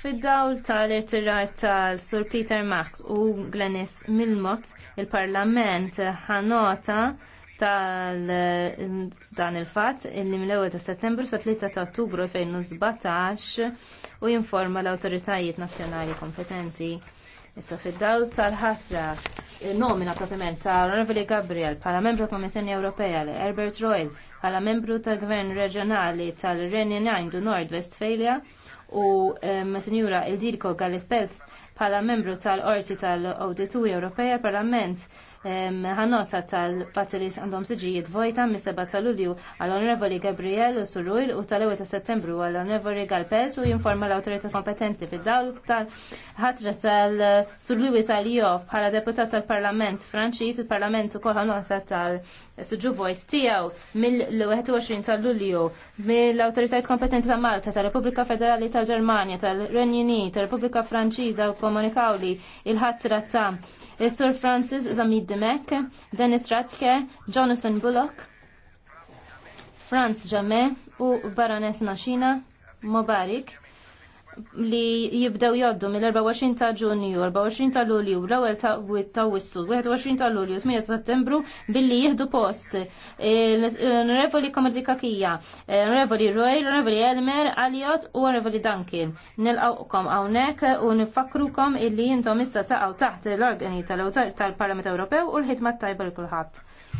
Fid-dawl tal-irtirar tal-Sur Peter Max u Glenis Milmot, il-Parlament ħanota tal mm, dan il-fat illi mill-1 ta' settembru sa 3 ta' ottubru 2017 u jinforma l-autoritajiet nazzjonali kompetenti. Issa fid-dawl tal-ħatra nomina propriment ta' Onorevoli Gabriel bħala membru Kommissjoni Ewropea li Herbert Royal bħala membru tal-Gvern Reġjonali tal-Renju Nord Westfalia u um, Sinjura il-dirko għal-Spelz bħala membru tal-Qorti tal-Awdituri Ewropea Parlament ħannota tal fatilis għandhom siġijiet vojta mis-7 ta' Lulju għall-Onorevoli Gabriel Surrujl u tal-1 ta' Settembru għall-Onorevoli Galpels u jinforma l-autorità kompetenti fid-dawl tal-ħatra tal-Sur Luis Alijov bħala deputat tal-Parlament Franċiż, il-Parlament ukoll ħanota tal-suġu vojt tiegħu mill-21 ta' Lulju mill-autoritajiet kompetenti ta' Malta, tal-Repubblika Federali tal-Ġermanja, tal-Renju tal-Repubblika Franċiża u ikkomunikaw li il ħadd razza Sir Francis Zamid Demek, Dennis Ratke, Jonathan Bullock, Franz Jamé u Baroness Nashina Mobarik li jibdew joddu mill-24 ta' ġunju, 24 ta' lulju, l-ewwel ta' wissu, 21 ta' lulju, 8 ta' settembru billi jieħdu post. Revoli Comedy Kakija, Onorevoli Roy, Onorevoli Elmer, Aliot u Onorevoli Duncan. Nilqawkom hawnhekk u nifakrukom illi jintom issa taqgħu taħt l-organi tal-Parlament Ewropew u l ħitma tajba l kulħadd.